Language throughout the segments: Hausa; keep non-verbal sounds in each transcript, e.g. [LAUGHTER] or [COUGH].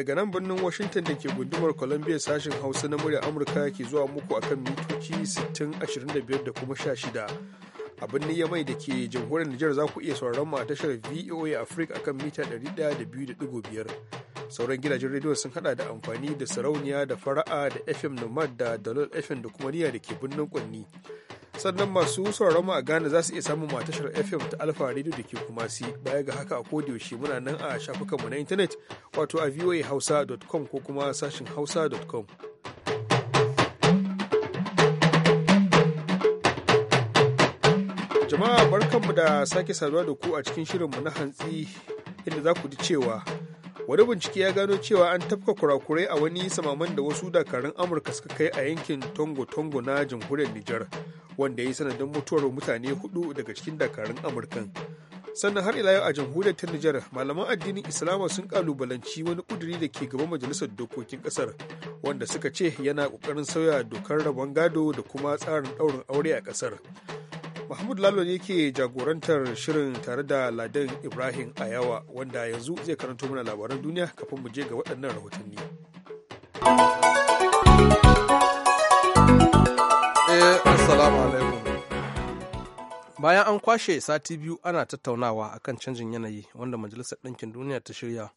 daga nan birnin Washington da ke gundumar Columbia sashen Hausa na murya Amurka ke zuwa muku akan mitoci 6025 da kuma 16. A birnin mai da ke jamhuriyar Nijar za ku iya sauraron mu a tashar VOA Africa akan mita 102.5. Sauran gidajen rediyon sun hada da amfani da sarauniya da fara'a da FM Nomad da Dalol FM da kuma niya da ke birnin Kwanni. sannan masu sauraron mu a Ghana za su iya samun matashar FM ta Alfa Radio da ke kuma si baya ga haka a shi muna nan a shafukanmu na intanet wato a voahausa.com ko kuma sashin hausa.com. Jama'a barkanmu da sake saduwa da ku a cikin shirinmu na hantsi inda za ku ji cewa wani bincike ya gano cewa an tafka kurakurai a wani samaman da wasu dakarun amurka suka kai a yankin tongo tongo na jamhuriyar nijar wanda ya yi sanadin mutuwar mutane hudu daga cikin dakarun amurkan sannan har ila yau a jamhuriyar ta nijar malaman addinin islama sun kalubalanci wani kuduri da ke gaban majalisar dokokin kasar wanda suka ce yana kokarin sauya dokar rabon gado da kuma tsarin daurin aure a kasar Mahmud Lalo ne ke jagorantar shirin tare da Ladan Ibrahim Ayawa wanda yanzu zai karanto mana labaran duniya kafin mu je ga waɗannan rahotanni. Eh, assalamu alaikum. Bayan an kwashe sati biyu ana tattaunawa akan canjin yanayi wanda Majalisar Ɗinkin Duniya ta shirya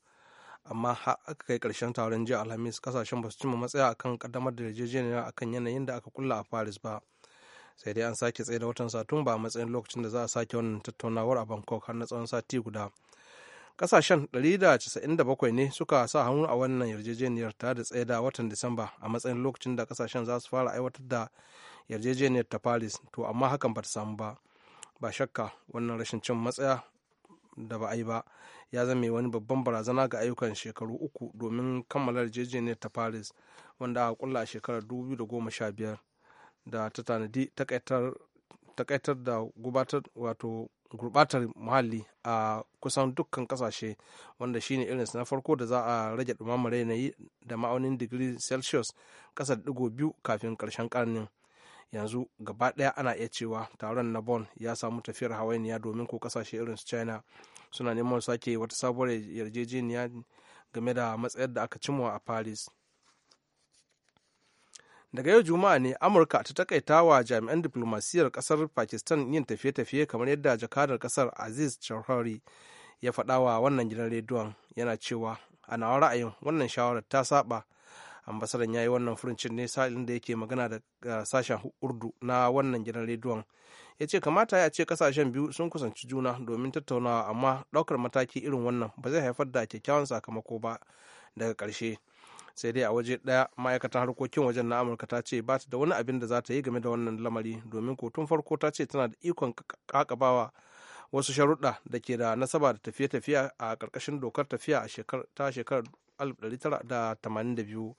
amma har aka kai ƙarshen taron jiya Alhamis kasashen ba su cimma matsaya akan ƙaddamar da yarjejeniya akan yanayin da aka kulla a Paris ba. sai dai an sake tsaye da watan satumba a matsayin lokacin da za a sake wannan tattaunawar a bangkok har na tsawon sati guda kasashen 197 ne suka sa hannu a wannan yarjejeniyar ta da tsaye da watan disamba a matsayin lokacin da kasashen za su fara aiwatar da yarjejeniyar ta paris to amma hakan ba ta samu ba ba shakka wannan rashin cin matsaya da ba a yi ba ya zama wani babban barazana ga ayyukan shekaru uku domin kammala yarjejeniyar ta paris wanda aka kulla a shekarar 2015 da ta tanadi takaitar da gubatar wato gurbatar muhalli a kusan dukkan kasashe wanda shine irin na farko da za a rage dumamar yanayi da ma'aunin digiri celsius kasa digo biyu kafin karshen karnin yanzu gaba daya ana iya cewa taron na bon ya samu tafiyar hawainiya domin ko kasashe irin su china suna neman sake wata sabuwar yarjejeniya game da matsayar da aka cimowa a paris daga yau juma'a ne amurka ta takaita wa jami'an diplomasiyyar kasar pakistan yin tafiye-tafiye kamar yadda jakadar kasar aziz chowdhury ya faɗa wa wannan gidan rediyon yana cewa a nawa ra'ayin wannan shawarar ta saba ambasadan ya yi wannan furuncin ne sa'ilin da yake magana da sashen urdu na wannan gidan rediyon ya ce kamata ya ce kasashen biyu sun kusanci juna domin tattaunawa amma ɗaukar mataki irin wannan ba zai haifar da kyakkyawan sakamako ba daga ƙarshe sai dai a waje ɗaya ma'aikatan harkokin wajen na amurka ta ce ba ta da wani abin da za ta yi game da wannan lamari domin ko tun farko ta ce tana da ikon kakabawa wasu sharuɗa da ke da nasaba da tafiye-tafiye a ƙarƙashin dokar tafiya a ta shekarar 1982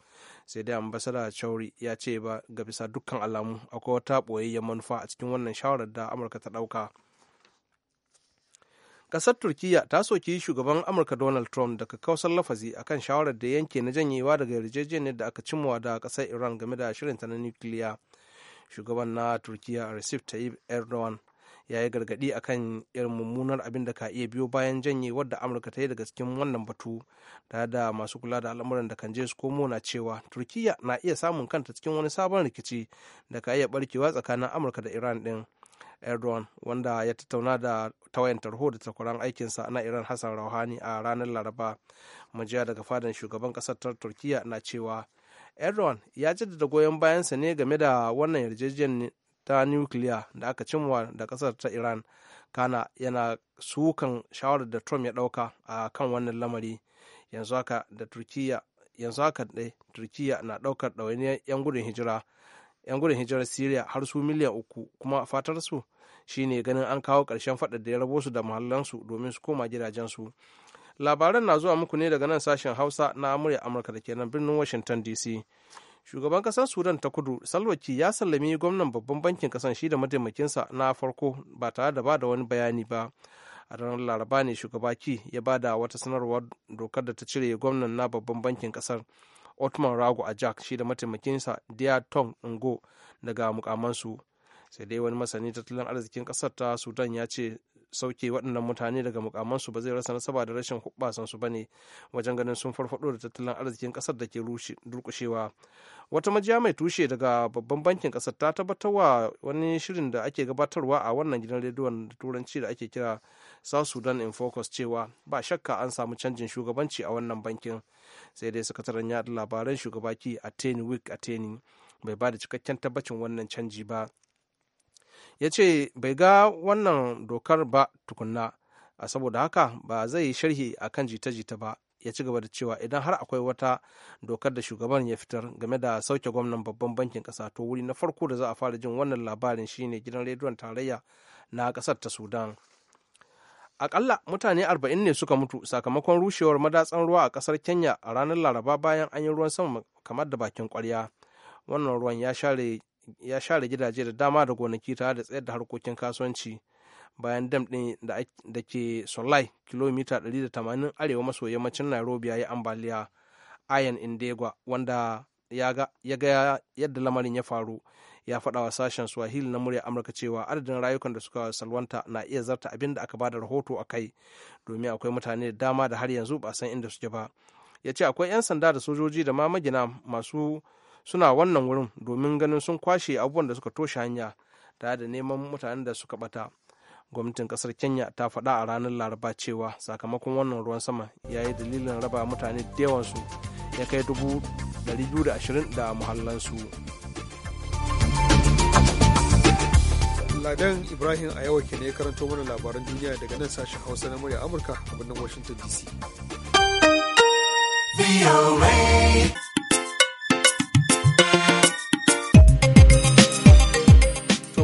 sai dai ambasada chauri ya ce ba ga bisa dukkan alamu akwai wata ɓoyayyen manufa a cikin wannan shawarar da amurka ta ɗauka. Ƙasar Turkiyya ta soki shugaban Amurka Donald Trump daga kausar lafazi a kan shawarar da yanke na janyewa daga yarjejeniyar da aka cimma da ƙasar Iran game da shirinta na nukiliya. Shugaban na Turkiyya Recep Tayyip Erdogan ya yi gargaɗi kan irin mummunar abin da ka iya biyo bayan janyewar da Amurka ta yi daga cikin wannan batu da da masu kula da al'amuran da kan je su komo na cewa Turkiyya na iya samun kanta cikin wani sabon rikici da ka iya barkewa tsakanin Amurka da Iran ɗin. erdogan wanda ya tattauna da tawayan tarho da takwaran aikinsa na iran hassan rouhani a ranar laraba majiya daga fadan shugaban kasar ta turkiya na cewa erdogan ya jaddada goyon bayansa ne game da wannan yarjejiyar ta nukiliya da aka cimwa da kasar ta iran kana yana sukan shawarar da trump ya dauka a kan wannan lamari yanzu haka da turkiya na daukar ɗawainiyar 'yan gudun hijira 'yan gudun hijirar syria har su miliyan uku kuma fatar su shine ganin an kawo ƙarshen faɗar da ya rabo su da mahallansu domin su koma gidajensu labaran na zuwa muku ne daga nan sashen hausa na murya amurka da kenan birnin washington dc shugaban kasar sudan ta kudu salwaki ya sallami gwamnan babban bankin kasar shi da mataimakinsa na farko ba tare da bada wani bayani ba a ranar laraba ne shugaba ki ya ba da wata sanarwar dokar da ta cire gwamnan na babban bankin kasar otman rago a jack shi da mataimakinsa dia tong ngo daga mukamansu sai dai wani masani tattalin arzikin kasar ta sudan ya ce sauke waɗannan mutane daga mukamansu ba zai rasa nasaba da rashin hubbasansu ba ne wajen ganin sun farfado da tattalin arzikin kasar da ke durkushewa wata majiya mai tushe daga babban bankin kasar ta tabbatar wa wani shirin da ake gabatarwa a wannan gidan rediyon turanci da ake kira south sudan in focus cewa ba shakka an samu canjin shugabanci a wannan bankin sai dai sakataren yada labaran shugaba ki week a ateni bai ba da cikakken tabbacin wannan canji ba ya ce bai ga wannan dokar ba tukunna a saboda haka ba zai sharhi a kan jita-jita ba ya ci gaba da cewa idan har akwai wata dokar da shugaban ya fitar game da sauke gwamnan babban bankin kasa to wuri na farko da za a fara jin wannan labarin shine gidan rediyon tarayya na kasar ta sudan akalla mutane 40 ne suka mutu sakamakon rushewar madatsan ruwa a kasar kenya a ranar laraba bayan an yi ruwan sama kamar da bakin kwarya wannan ruwan ya share gidaje da dama da gonaki tare da tsayar da harkokin kasuwanci bayan dam ɗin da ke solai kilomita 180 arewa maso yammacin nairobi ya yi ambaliya ayan indegwa wanda ya ga yadda lamarin ya faru ya faɗa wa sashen swahili na murya amurka cewa adadin rayukan da suka salwanta na iya zarta abin da aka da rahoto a kai domin akwai mutane da dama da har yanzu ba san inda suke ba ya ce akwai 'yan sanda da sojoji da ma magina masu suna wannan wurin domin ganin sun kwashe abubuwan da suka toshe hanya da da neman mutanen da suka bata gwamnatin kasar kenya ta faɗa a ranar laraba cewa sakamakon wannan ruwan sama ya yi dalilin raba mutane da yawansu ya kai 220 da muhallansu. Ladan Ibrahim a yawa ke ne karanto mana labaran duniya daga nan sashen Hausa na murya Amurka a birnin Washington DC.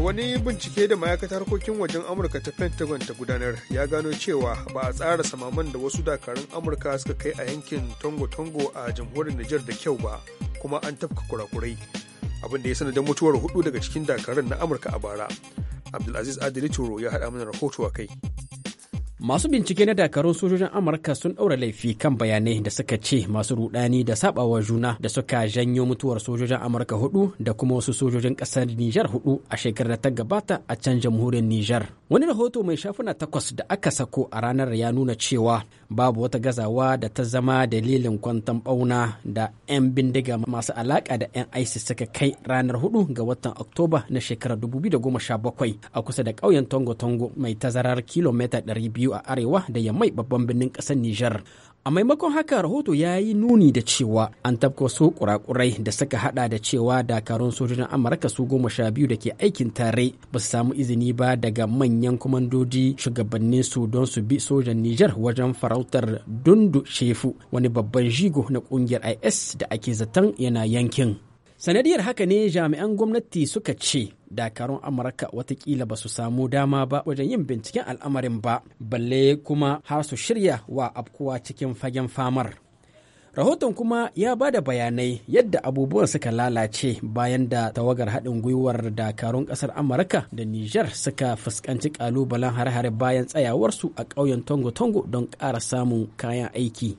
wani bincike da ma'aikatar harkokin wajen amurka ta pentagon ta gudanar ya gano cewa ba a tsara samaman da wasu dakarun amurka suka kai a yankin tongo-tongo a jamhuriyar niger da kyau ba kuma an tafka kurakurai abin da ya sanadin mutuwar hudu daga cikin dakarun na amurka a bara abdulaziz adili turo ya haɗa mana rahoto a kai Masu bincike na dakarun sojojin Amurka sun ɗaura laifi kan bayanai da suka ce masu rudani da sabawa juna da suka janyo mutuwar sojojin Amurka hudu da kuma wasu sojojin ƙasar Nijar hudu a shekarar ta gabata a can jamhuriyar Nijar. Wani rahoto mai shafuna takwas da aka sako a ranar ya nuna cewa babu wata gazawa da ta zama dalilin kwantan bauna da 'yan bindiga masu alaka da 'yan ISIS suka kai ranar hudu ga watan Oktoba na shekarar 2017 a kusa da ƙauyen Tongo Tongo mai tazarar kilomita 200 a arewa da yammai babban birnin ƙasar Nijar. A maimakon haka rahoto ya yi nuni da cewa an tafka su kurakurai da suka hada da cewa dakarun sojojin Amurka su goma sha biyu da ke aikin tare ba su samu izini ba daga manyan kwamandoji shugabannin su don su bi sojan Nijar wajen farautar Dundu Shefu wani babban jigo na kungiyar IS da ake zaton yana yankin. sanadiyar haka ne jami'an gwamnati suka ce dakarun amurka watakila ba su samu dama ba wajen yin binciken al'amarin ba balle kuma har su shirya wa abkuwa cikin fagen famar rahoton kuma ya ba da bayanai yadda abubuwan suka lalace bayan da tawagar haɗin gwiwar dakarun ƙasar amurka da niger suka fuskanci ƙalubalen hare-hare bayan tsayawarsu a ƙauyen tongo-tongo don ƙara samun kayan aiki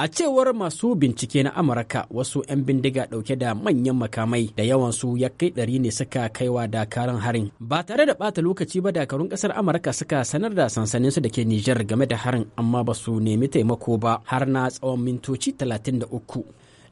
A cewar masu bincike na Amurka wasu 'yan bindiga ɗauke da manyan makamai da yawansu ya kai ɗari ne suka kaiwa dakarun harin. Ba tare da ɓata lokaci ba dakarun ƙasar Amurka suka sanar da sansanin su da ke Nijar game da harin amma ba su nemi taimako ba har na tsawon mintoci 33.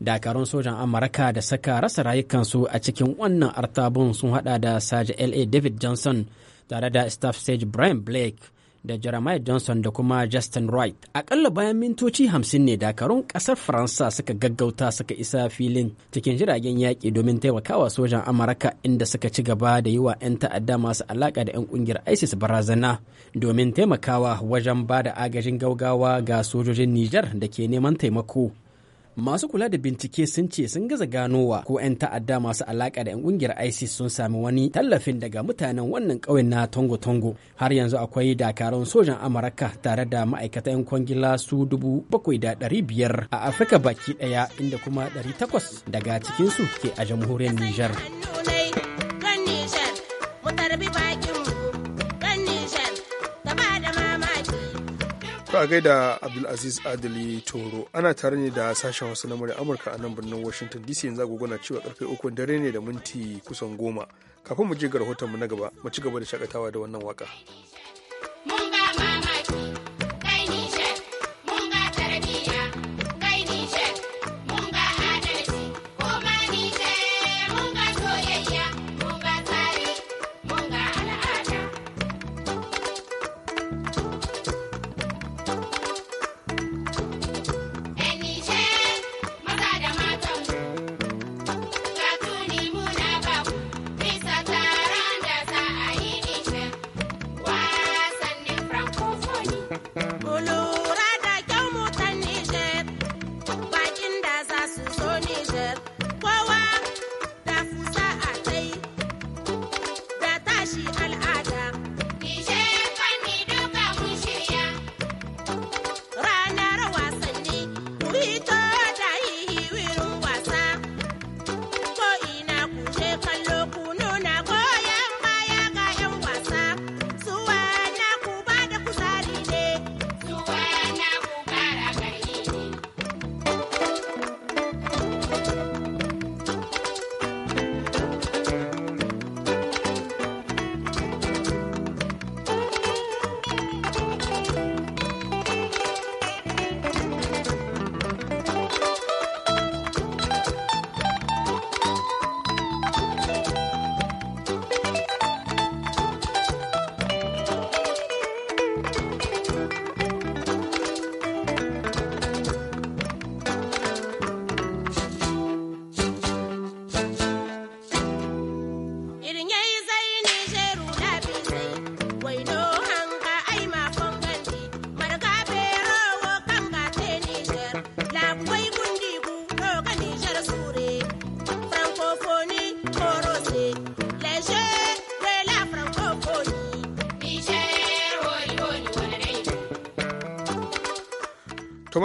dakarun sojan amurka da saka rasa rayukansu a cikin wannan artabun sun hada da saja la david johnson tare da staff sage brian blake da Jeremiah Johnson da kuma Justin Wright. Akalla bayan mintoci hamsin ne dakarun ƙasar Faransa suka gaggauta suka isa filin cikin jiragen yaƙi domin taimakawa sojan Amurka inda suka ci gaba da yi wa 'yan ta'adda masu alaƙa da 'yan ƙungiyar ISIS barazana domin taimakawa wajen ba da agajin gaugawa ga sojojin Nijar da ke neman taimako. masu kula da bincike sun ce sun gaza ganowa ko 'yan ta'adda masu alaka da 'yan kungiyar isis sun sami wani tallafin daga mutanen wannan ƙauyen na tongo tongo har yanzu akwai dakarun sojan amurka tare da ma'aikata 'yan kwangila su dubu bakwai da ɗari biyar a afirka baki daya inda kuma ɗari takwas daga cikinsu ke a jamhuriyar nijar. To a gaida Abdulaziz adali Toro ana tare ne da sashen wasu na murya Amurka a nan birnin Washington DC yanzu agogona cewa karfe uku dare ne da minti kusan goma. Kafin mu je ga rahoton mu na gaba, mu ci gaba da shakatawa da wannan waka.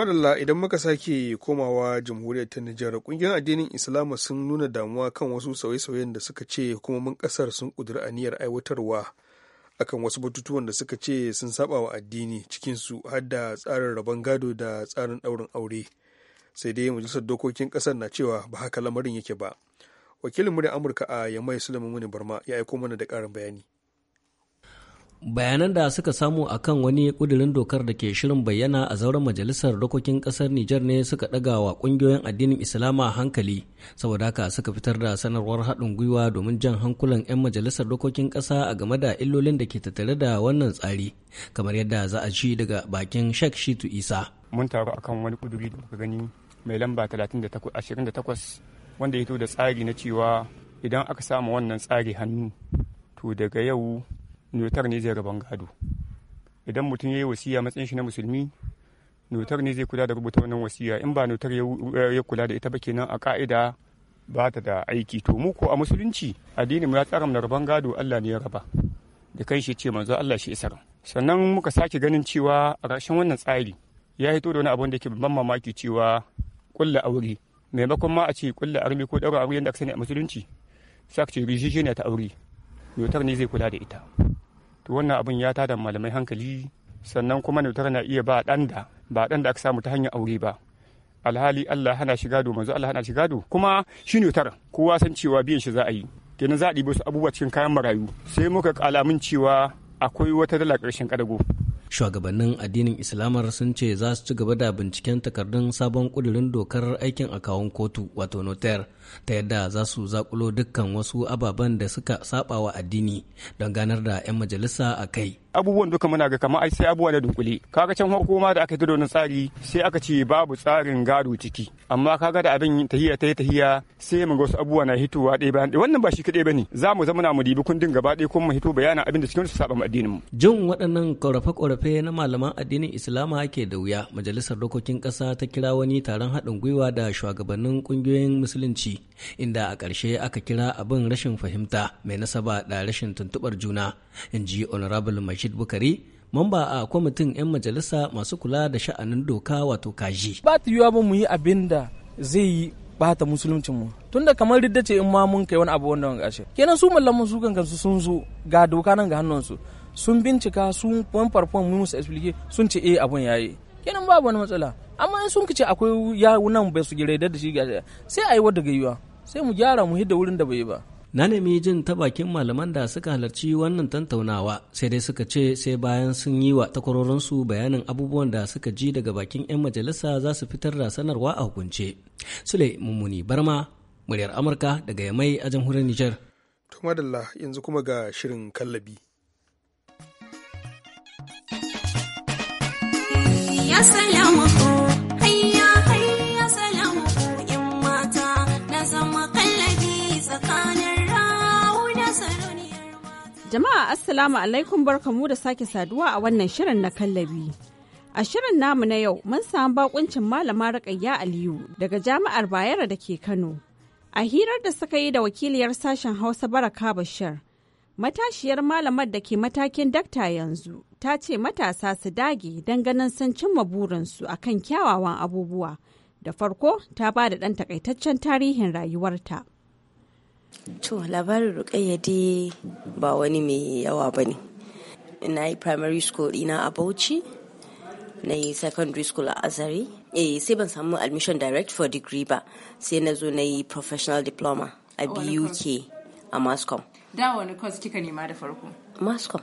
madalla idan muka sake komawa jamhuriyar ta nijar kungiyar addinin islama sun nuna damuwa kan wasu sauye-sauyen da suka ce hukumomin kasar sun kudura aniyar aiwatarwa akan wasu batutuwan da suka ce sun saba wa addini cikinsu har da tsarin rabon gado da tsarin ɗaurin aure sai dai majalisar dokokin ƙasar na cewa ba haka lamarin yake ba wakilin muryar amurka a yamai sulaiman muni barma ya aiko mana da karin bayani bayanan da suka samu a kan wani kudirin dokar da ke shirin bayyana a zauren majalisar dokokin kasar Nijar ne suka ɗaga wa ƙungiyoyin addinin Islama hankali saboda haka suka fitar da sanarwar haɗin gwiwa domin jan hankulan 'yan majalisar dokokin kasa a game da illolin da ke tattare da wannan tsari kamar yadda za a ci daga bakin Sheikh Shitu Isa. Mun taru akan wani kuduri da kuka gani mai lamba 28 wanda ya to da tsari na cewa idan aka samu wannan tsari hannu to daga yau notar ne zai rabon gado idan mutum ya yi wasiya matsayin shi na musulmi notar ne zai kula da rubuta wannan wasiya in ba notar ya kula da ita ba kenan a ka'ida ba ta da aiki to mu ko a musulunci addinin ya tsara mu rabon gado Allah ne ya raba da kai shi ce manzo Allah shi isar sannan muka sake ganin cewa a ƙarshen wannan tsari ya hito da wani abun da ke babban mamaki cewa kulla aure maimakon ma a ce kulla armi ko ɗaura aure yadda aka sani a musulunci sa ce ne ta aure notar ne zai kula da ita to wannan abin ya tada malamai hankali sannan kuma nutar na iya ba ɗan da ba ɗan da aka samu ta hanyar aure ba alhali Allah hana shi gado manzo Allah hana shi gado kuma shi nutar kowa san cewa biyan shi za a yi kenan za a ɗibi su abubuwa cikin kayan marayu sai muka kalamin cewa akwai wata dala ƙarshen ƙadago shugabannin addinin islamar sun ce za su ci gaba da binciken takardun sabon kudirin dokar aikin a kawon kotu wato noter ta yadda za su zakulo dukkan wasu ababen da suka saba addini don ganar da 'yan majalisa a kai abubuwan duka muna ga kamar ai sai abubuwa da dunkule kaga can farko da aka tudo wani tsari sai aka ce babu tsarin gado ciki amma kaga da abin tahiya ta tahiya sai mu ga wasu abubuwa na hitowa ɗaya bayan ɗaya wannan ba shi kaɗai bane za mu zama mu dibi kundin gaba ɗaya kuma mu hito bayanin abin da cikin su saba addinin mu jin waɗannan ƙorafe korafe na malaman addinin islama ke da wuya majalisar dokokin ƙasa ta kira wani taron haɗin gwiwa da shugabannin ƙungiyoyin musulunci inda a ƙarshe aka kira abin rashin fahimta mai nasaba da rashin tuntuɓar juna in ji honorable Rashid Bukari mamba a kwamitin 'yan majalisa masu kula da sha'anin doka wato kaji. Ba ta yiwa ba mu yi abin da zai yi bata musuluncin mu tunda kamar ridda ce in ma mun kai wani abu wanda wani ashe kenan su mallaman su kankan sun zo ga doka nan ga hannunsu sun bincika sun wan farfon mun musu explique sun ce eh abun yayi kenan babu wani matsala amma in sun ce akwai ya nan bai su gire da shi sai a yi wadda gayuwa. sai mu gyara mu hidda wurin da bai yi ba na nemi jin ta bakin malaman da suka halarci wannan tantaunawa sai dai suka ce sai bayan sun yi wa takwarorinsu bayanin abubuwan da suka ji daga bakin 'yan majalisa za su fitar da sanarwa a hukunce sule mummuni barma muryar amurka daga yamai a jamhuriyar niger to yanzu kuma ga shirin kallabi Jama'a Assalamu alaikum barkamu da sake saduwa a wannan shirin na kallabi. A shirin namu na yau mun samu bakuncin malama Rakayya Aliyu daga Jami'ar Bayero da ke Kano. A hirar da suka yi da wakiliyar sashen Hausa Baraka Bashir, matashiyar malamar da ke matakin dakta yanzu ta ce matasa su dage don ganin sun cimma burinsu akan kyawawan abubuwa. Da farko ta ba da ɗan takaitaccen tarihin rayuwarta. To labarin Rukayya dai ba wani mai yawa ba ne. Na yi primary school ina a Bauchi, na yi secondary school a Azari. Eh sai ban samu admission direct for degree ba, sai na zo na yi professional diploma a BUK a Mascom. Da wani course kika nema da farko? Mascom.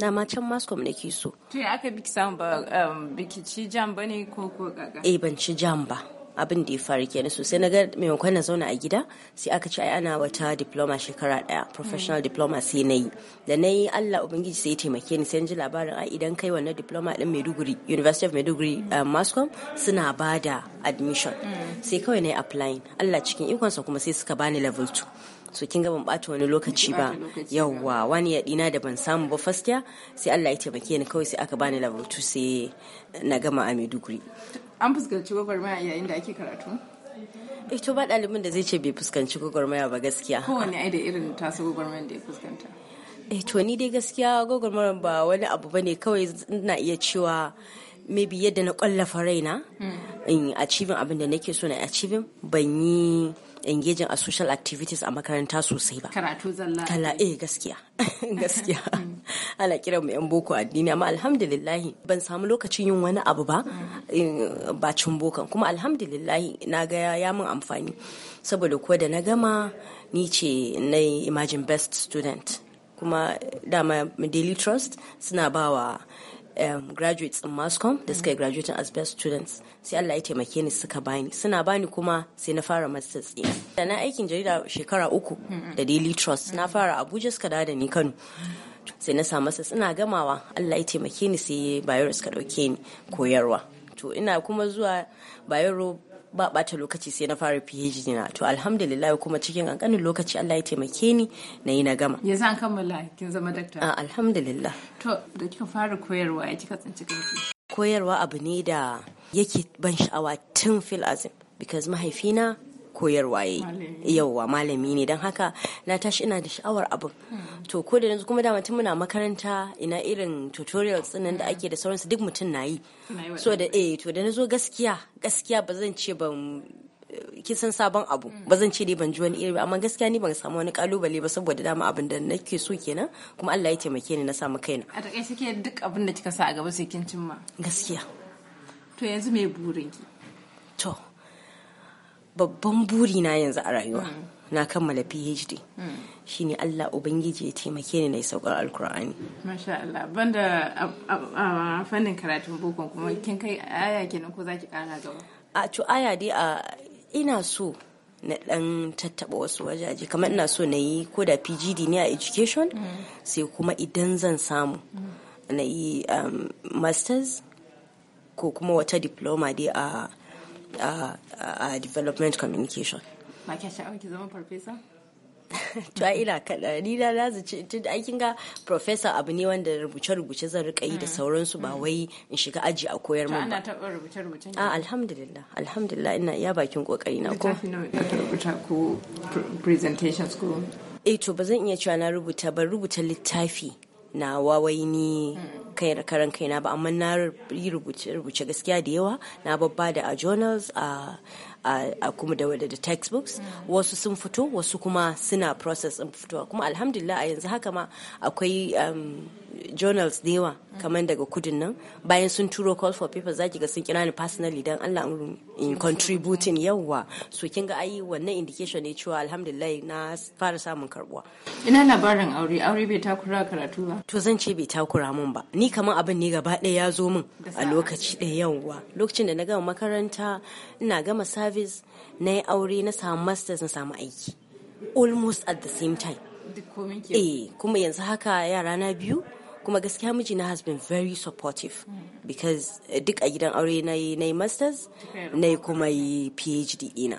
Na ma can Mascom nake so. To ya aka biki samu ba um, biki ci jam ba ne ko ko gaga? Eh ban ci jam ba. abin da ya faru kenan sosai na ga maimakon na zauna a gida sai aka ce ai ana wata diploma shekara daya professional diploma sai na yi da na yi Allah ubangiji sai ya taimake ni sai ji labarin a idan kai wannan diploma din Maiduguri University of Maiduguri uh, Mascom suna bada admission sai kawai na yi applying Allah cikin ikonsa kuma sai suka bani level 2 so kin ga ban bata wani lokaci ba yawwa wani yadina da ban samu ba faskiya sai Allah ya taimake ni kawai sai aka bani level 2 sai na gama a Maiduguri an fuskanci gwagwarmaya yayin da ake karatu ito eh, ba ɗalibin da zai ce bai fuskanci gwagwarmaya ba gaskiya kowane ai da irin tasu gwagwarmaya da ya fuskanta eh to ni dai gaskiya gwagwarmayar ba wani abu bane kawai ina iya cewa maybe yadda na kwallafa raina hmm. in achieving abin da nake so na achieving ban yi engaging a social activities a makaranta sosai ba karatu zalla kala eh gaskiya [LAUGHS] gaskiya hmm. ana kiran mu yan boko addini amma alhamdulillah ban samu lokacin yin wani abu ba hmm. ba cin bokan kuma alhamdulillah na ga ya min amfani saboda ko da na gama ni ce na imagine best student kuma dama daily trust suna bawa um, graduates in mascom da suka yi graduating as best students sai Allah ya taimake ni suka bani suna bani kuma sai na fara masters din da na aikin jarida shekara uku da daily trust na fara abuja suka da ni kano sai na samu masters ina gamawa Allah ya taimake ni sai bayero suka dauke ni koyarwa to ina kuma zuwa bayero ba ɓata lokaci sai na fara PhD na to alhamdulillah kuma cikin kankanin lokaci Allah ya taimake ni na yi na gama Ya san kammala kin zama doctor alhamdulillah to da kika fara koyarwa ya kika tsinci kanki koyarwa abu ne da yake ban sha'awa tun fil azim because mahaifina koyarwa ya yi yauwa malami ne don haka na tashi ina da sha'awar abin hmm. to ko da yanzu kuma da muna makaranta ina irin tutorial tsinan da hmm. ake da sauransu duk mutum na yi so da eh to da na zo gaskiya gaskiya ba zan ce ban eh, kisan sabon abu hmm. ba zan ce dai ban ji wani iri ba amma gaskiya ni ban samu wani kalubale ba saboda dama abin da nake so kenan kuma Allah ya taimake ni na samu kaina a takaice ke duk abin da kika sa a gaba sai kin cimma gaskiya to yanzu me burin ki to babban buri na yanzu a rayuwa mm. na kammala phd mm. shine allah ubangiji ya taimake ni na yi saukar alkur'ani masha allah banda fannin karatun bukon kuma kin kai aya kenan ko zaki kara gaba a to aya dai a ina so na dan tattaba wasu wajaje kamar ina so na yi ko da pgd ne a education mm. sai kuma idan zan samu na yi um, masters ko kuma wata diploma dai a a development communication to a sha'awar oh, ki zama farfesa [LAUGHS] to ina kaɗa ni na na ce tun aikin ga professor abu ne wanda rubuce rubuce zan rika yi da mm. sauransu ba mm. wai in shiga aji a koyar mun ba ana taɓa rubuce a alhamdulillah alhamdulillah ina iya bakin kokari na ko rubuta ko presentations ko eh to ba zan iya cewa na rubuta ba rubuta littafi na wawai ni kai karan kaina ba amma na yi rubuce gaskiya da yawa na babba da a journals a a kuma da da textbooks wasu sun fito wasu kuma suna process ɗin fitowa kuma alhamdulillah a yanzu haka ma akwai um, journals da yawa kamar daga kudin nan bayan sun turo call for paper zaki ga sun kira ni personally dan Allah in contributing yawa so kin ga ai wannan indication ne cewa alhamdulillah na fara samun karbuwa ina labarin aure aure bai takura karatu ba to zan ce bai takura mun ba ni kamar abin ne gaba ɗaya ya zo mun a lokaci ɗaya yawa lokacin da na gama makaranta ina gama service na yi aure na samu masters na samu aiki almost at the same time eh kuma yanzu haka yara na biyu kuma gaskiya mijina has been very supportive because eh, duk a gidan aure na yi masters na yi kuma yi phd ina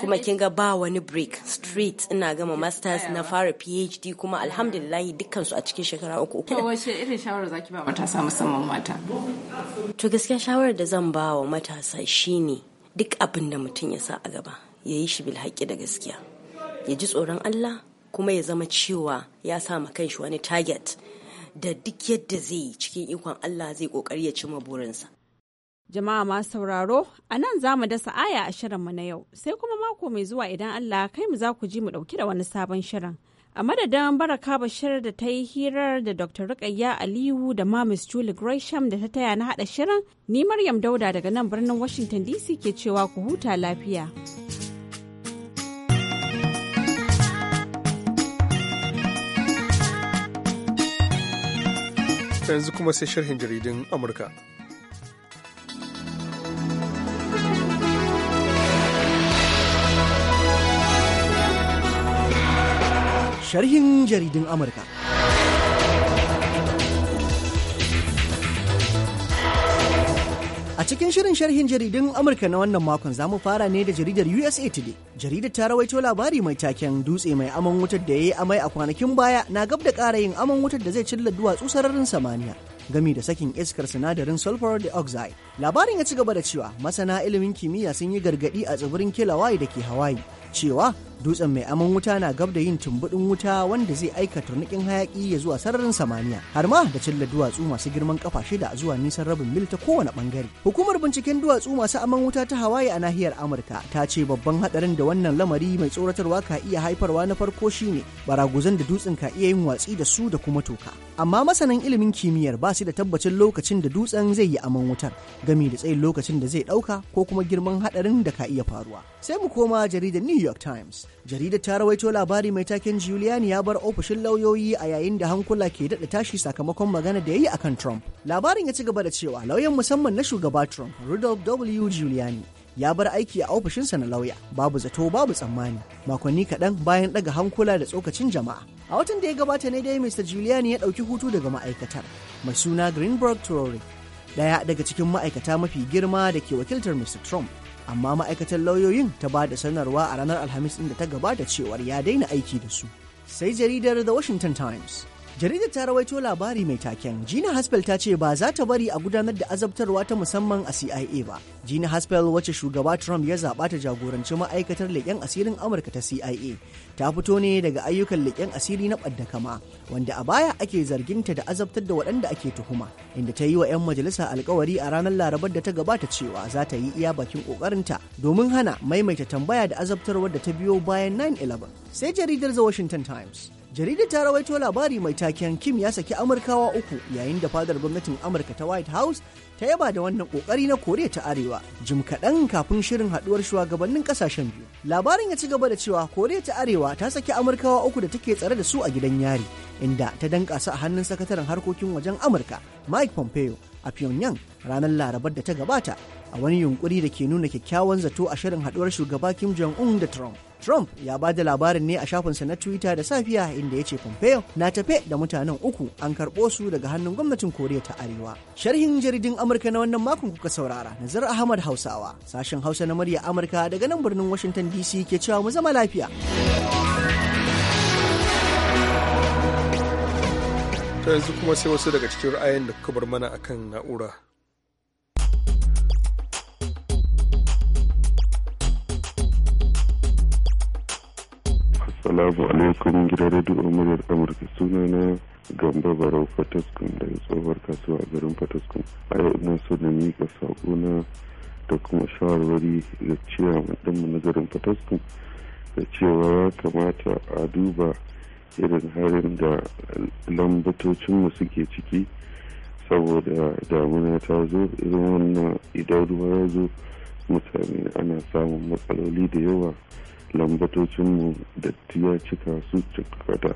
kuma kin ga ba wani break street ina gama masters na fara phd kuma alhamdulillahi dukkansu a cikin shekara uku to wace irin shawara zaki ba matasa musamman mata to gaskiya shawarar da zan ba wa matasa shine duk abin da mutum ya sa a gaba ya yi shi bilhaƙi da gaskiya ya ji tsoron Allah kuma ya zama cewa ya sa ma kanshi wani target da duk yadda zai yi cikin ikon Allah zai kokari ya cima burinsa. Jama'a ma sauraro, a nan za mu dasa aya a shirin mu na yau, sai kuma mako mai zuwa idan Allah kai mu za ku ji mu ɗauki da wani sabon shirin. A madadin Baraka Bashir da ta yi hirar da Dr. Rukayya Aliyu da Mamis Julie Gresham da ta taya na haɗa shirin, ni Maryam Dauda daga nan birnin Washington DC ke cewa ku huta lafiya. to yanzu kuma sai sharhin jaridun Amurka. Sharhin jaridun Amurka. cikin shirin sharhin jaridun Amurka na wannan makon zamu fara ne da jaridar USA Today. Jaridar ta rawaito labari mai taken dutse mai aman wutar da ya yi amai a kwanakin baya na gab da ƙara yin aman wutar da zai cilla duwatsu sararin samaniya. gami da sakin iskar sinadarin sulfur dioxide. Labarin ya ci gaba da cewa masana ilimin kimiyya sun yi gargadi a tsibirin Kilawai da ke Hawaii cewa dutsen mai aman wuta na gab da yin tumbudin wuta wanda zai aika turnikin hayaki ya zuwa sararin samaniya har ma da cilla duwatsu masu girman kafa shida zuwa nisan rabin mil ta kowane bangare. hukumar binciken duwatsu masu aman wuta ta hawaii a nahiyar amurka ta ce babban hadarin da wannan lamari mai tsoratarwa ka iya haifarwa na farko shine baraguzan da dutsen ka iya yin watsi da su da kuma toka amma masanan ilimin kimiyyar ba su da tabbacin lokacin da dutsen zai yi aman wutar gami da tsayin lokacin da zai ɗauka ko kuma girman hadarin da ka iya faruwa sai mu koma jaridar ni New York Times. Jaridar ta rawaito labari mai taken Giuliani ya bar ofishin lauyoyi a yayin da hankula ke daɗa tashi sakamakon magana da ya yi a kan Trump. Labarin ya ci gaba da cewa lauyan musamman na shugaba Trump, Rudolph W. Giuliani, ya bar aiki a ofishinsa na lauya babu zato babu tsammani makonni kaɗan bayan ɗaga hankula da tsokacin jama'a a watan da ya gabata ne dai mr giuliani ya ɗauki hutu daga ma'aikatar mai suna greenberg Torre, ɗaya daga cikin ma'aikata mafi girma da ke wakiltar mr trump amma ma'aikatar lauyoyin ta ba da sanarwa a ranar alhamis ɗin da ta gabata cewar ya daina aiki da su sai jaridar the washington times jaridar ta rawaito labari mai taken gina haspel ta ce ba za ta bari a gudanar da azabtarwa ta musamman a cia ba gina haspel wacce shugaba trump ya zaɓa ta jagoranci ma'aikatar leƙen asirin amurka ta cia ta fito ne daga ayyukan leƙen asiri na ɓaddakama wanda a baya ake zarginta da azabtar da waɗanda ake tuhuma inda ta yi wa 'yan majalisa alkawari a ranar larabar da ta gabata cewa za ta yi iya bakin ƙoƙarinta domin hana maimaita tambaya da azabtarwar da ta biyo bayan 9-11 sai jaridar the washington times jaridar ta rawaito labari mai taken kim ya saki amurkawa uku yayin da fadar gwamnatin amurka ta white house ta yaba da wannan kokari na koriya ta arewa jim kaɗan kafin shirin haɗuwar shugabannin ƙasashen biyu labarin ya ci gaba da cewa koriya ta arewa ta saki amurkawa uku da take tsare da su a gidan yari inda ta danka su a hannun sakataren harkokin wajen amurka mike pompeo a pyongyang ranar larabar da ta gabata a wani yunkuri da ke nuna kyakkyawan zato a shirin haɗuwar shugaba kim jong un da trump Trump ya ba da labarin ne a shafinsa na Twitter da safiya inda ya ce Pompeo na tafe da mutanen uku an karɓo su daga hannun gwamnatin Koriya ta Arewa. Sharhin jaridin Amurka na wannan makon kuka saurara, Nazar Ahmad Hausawa, sashen Hausa na murya Amurka daga nan birnin Washington DC ke cewa mu zama lafiya. Ta yanzu kuma sai wasu daga cikin ra'ayin da kuka bar mana akan na'ura. Salamu alaikum gidan rediyo muryar Amurka suna na Gamba Barau Fataskun daga tsohuwar kasuwa a garin Fataskun. A yau ina so na mika saƙo da kuma shawarwari ga cewa ɗanmu na garin Fataskun da cewa ya kamata a duba irin harin da lambatocinmu suke ciki saboda damuna ta zo irin wannan idan ruwa ya zo mutane ana samun matsaloli da yawa lambatocinmu da ya cika su cikakata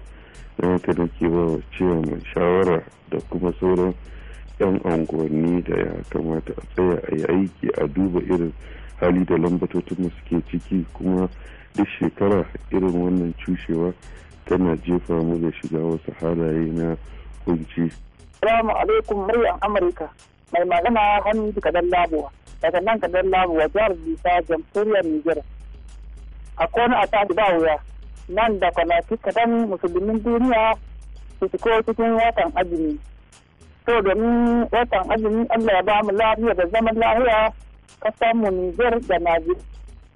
don haka da ke ba cewa mai shawara da kuma sauran 'yan unguwanni da ya kamata a tsaya a yi aiki a duba irin hali da lambatocinmu suke ciki kuma duk shekara irin wannan cushewa tana jefa mu da shiga wasu halaye na kunci. Salamu alaikum muryan Amurka mai magana hannu daga Labuwa daga nan kadan Labuwa jihar Bisa jamhuriyar Nijar. a kone a tashi ba wuya nan da kwanaki kadan musulmin duniya su shigo cikin watan azumi to domin watan azumi allah ya ba mu lafiya da zaman lafiya ka samu nijar da najeriya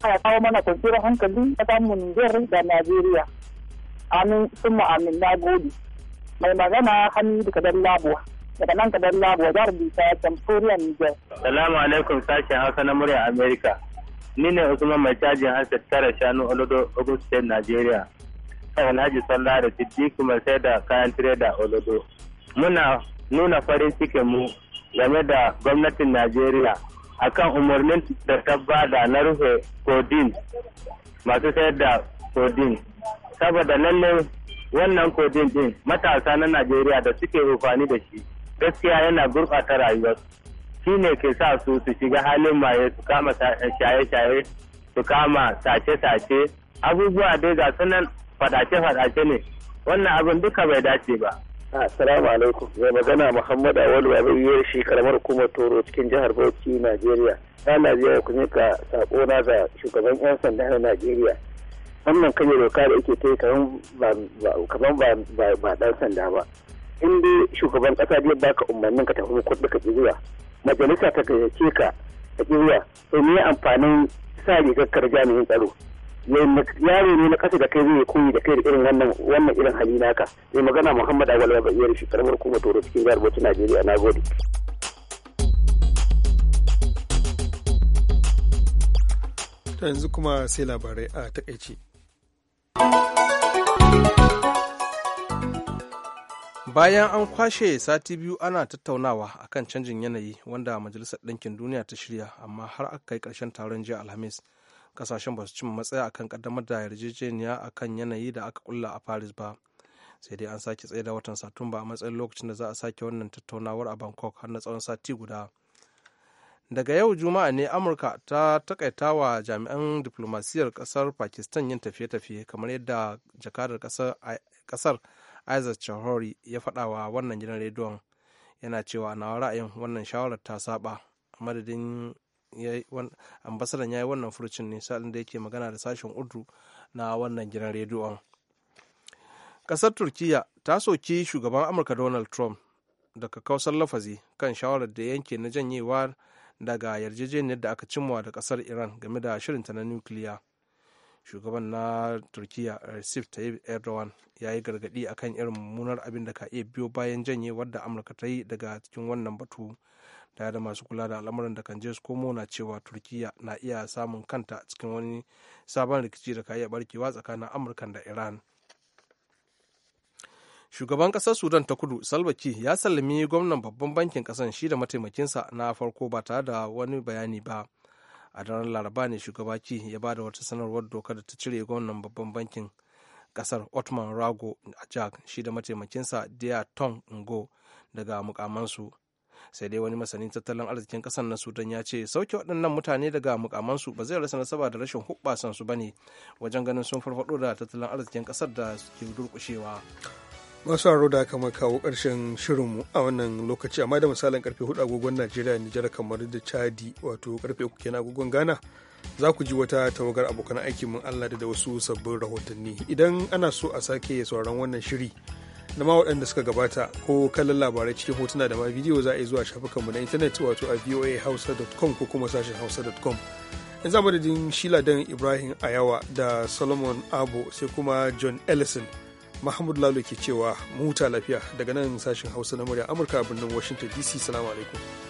ya kawo mana kwanciyar hankali ka samu nijar da najeriya amin sun amin na gode mai magana da kadan labuwa daga nan kadan labuwa jihar bisa jamhuriyar nijar salamu alaikum sashen hausa na murya amerika ni ne kuma mai cajin hansar tara shanu olodo ogun state nigeria kan alhaji sallah da siddiqu mai sai da kayan tireda olodo muna nuna farin cikin mu game da gwamnatin najeriya akan umarnin da ta bada na rufe kodin masu sayar da kodin saboda lallai wannan kodin din matasa na najeriya da suke amfani da shi gaskiya yana gurɓata rayuwarsu ne ke sa su su shiga halin maye su kama eh, shaye-shaye su kama sace-sace abubuwa dai ga sunan fadace-fadace ne wannan abin duka bai dace ba Assalamu alaikum zai magana Muhammad Awal Babayyar shi karamar hukumar Toro cikin jihar Bauchi Najeriya ta Najeriya ku ka sako na ga shugaban yan sanda na Najeriya wannan kanye doka da yake kai kaman ba kaman ba ba dan sanda ba in dai shugaban kasa zai baka umarnin ka tafi kuɗi ka zuwa majalisa ta gayyace ka a duniya sai ne amfanin sa rigar jami'in tsaro yaro ne na kasa da kai zai koyi da kai da irin wannan irin hali naka sai magana Muhammad Awal ba iya shi karamar kuma toro cikin jihar Bauchi Najeriya gode yanzu kuma sai labarai a takaice. bayan an kwashe sati biyu ana tattaunawa akan canjin yanayi wanda majalisar ɗinkin duniya ta shirya amma har aka kai ƙarshen taron jiya alhamis ƙasashen ba su cimma matsaya akan ƙaddamar da yarjejeniya akan yanayi da aka kulla a paris ba sai dai an sake tsaye da watan satumba a matsayin lokacin da za a sake wannan tattaunawar a bangkok har na tsawon sati guda daga yau juma'a ne amurka ta takaita wa jami'an diflomasiyyar kasar pakistan yin tafiye-tafiye kamar yadda jakadar ƙasar. isaac chahori ya faɗa wa wannan gidan rediyon yana cewa nawa ra'ayin wannan shawarar ta saba madadin ambasadan ya yi wannan furucin ne sa'in da yake magana da sashen urdu na wannan gidan rediyon ƙasar turkiya ta soki shugaban amurka donald trump daga kausar lafazi kan shawarar da yanke na janyewa daga yarjejeniyar da aka cimma da ƙasar iran game da shirinta na nukiliya shugaban na turkiya recep tayyip erdogan ya yi gargadi akan irin mummunar abin da ka iya biyo bayan janye wadda amurka ta yi daga cikin wannan batu da da masu kula da al'amuran da kan je su komo na cewa turkiya na iya samun kanta cikin wani sabon rikici da ka iya barkewa tsakanin amurka da iran shugaban kasar sudan ta kudu salbaki ya sallami gwamnan babban bankin kasan shi da mataimakinsa na farko ba tare da wani bayani ba a daren laraba ne shugaba ki ya ba da wata sanarwar dokar da ta cire gwamnan babban bankin kasar otman rago a jack shi da mataimakinsa dia tong ngo daga mukamansu sai dai wani masanin tattalin arzikin kasar na sudan ya ce sauke waɗannan mutane daga mukamansu ba zai rasa nasaba da rashin sansu ba ne wajen ganin sun farfaɗo da tattalin arzikin kasar da ke durkushewa masu haro da aka kawo ƙarshen shirinmu a wannan lokaci amma da misalin karfe 4 agogon najeriya nijar kamar da chadi wato karfe 3 kenan agogon ghana za ku ji wata tawagar abokan aikin mun allah da wasu sabbin rahotanni idan ana so a sake sauran wannan shiri na ma waɗanda suka gabata ko kallon labarai cikin hotuna da ma bidiyo za a yi zuwa shafukanmu na intanet wato a voahausa.com ko kuma sashen hausa.com in za madadin shila dan ibrahim ayawa da solomon abo sai kuma john ellison mahmud lalo ke cewa mu lafiya daga nan sashen hausa na murya amurka birnin washington dc salamu alaikum